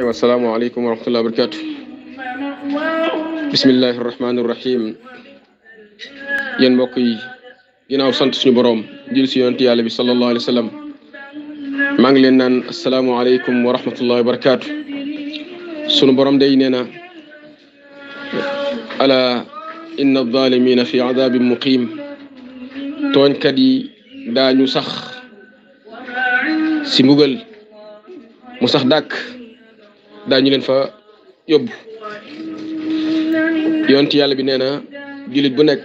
أيوة السلام عليكم ورحمة الله وبركاته بسم الله الرحمن الرحيم ينبقي ينعو سنت سنو بروم جل سيون تيالي صلى الله عليه وسلم مانجلين السلام عليكم ورحمة الله وبركاته سنو بروم دينينا على إن الظالمين في عذاب مقيم توان كدي دانيو سخ سيموغل مسخ daañu leen fa yóbbu yonent yàlla bi nee na jullit bu nekk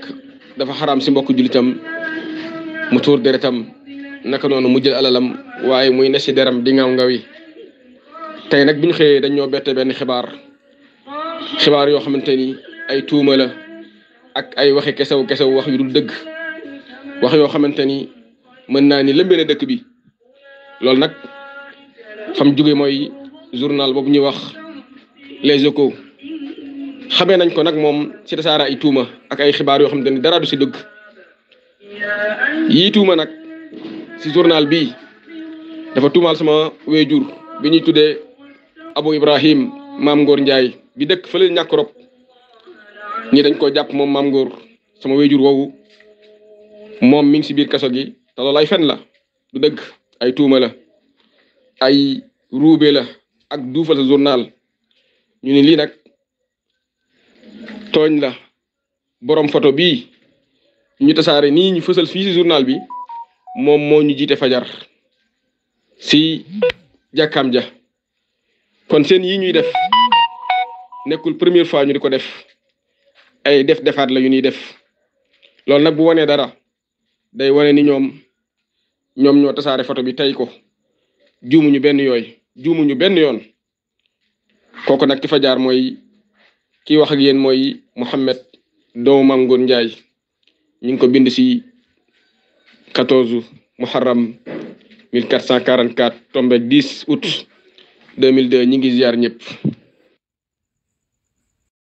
dafa xaram si mbokk jullitam mu tuur deretam naka noonu mu jël alalam waaye muy ne si deram di ngaw ngaw yi tey nag bi ñu xëyee dañ ñoo bette benn xibaar xibaar yoo xamante ni ay tuuma la ak ay waxi kesew kesew wax yu dul dëgg wax yoo xamante ni mën naa ni lëmbee na dëkk bi loolu nag fam jóge mooy journal bobu ñu wax les eco xamé nañ ko nak mom ci tasaara ay tuuma ak ay xibaar yo xamanteni dara du si dëgg yi tuuma nak ci journal bi dafa tumal sama wéjur bi ñuy tuddee Abou Ibrahim mam Ngor ndjay bi fa leen ñak rob ñi dañ ko japp mom mam Ngor sama wéjur woowu mom mi ngi ci biir kasso gi lolay la du dëgg ay tuuma la ay roubé la ak duufal sa journal ñu ni lii nag tooñ la borom photo bii ñu tasaare nii ñu fësal fii si journal bi moom moo ñu jiite fajar si jàkkaam ja kon seen yi ñuy def nekkul première fois ñu di ko def ay def defaat la yu ñuy def loolu nag bu wanee dara day wane ni ñoom ñoom ñoo tasaare photo bi tey ko juumuñu benn yooyu juumuñu benn yoon kooku nag ki fa jaar mooy ki wax ak yéen mooy Mouhamed doomu Maam Ngoor Njaay ñu ko bind si 14 muharram 1444 tombeeg 10 août 2002 ñu ngi ziar ñëpp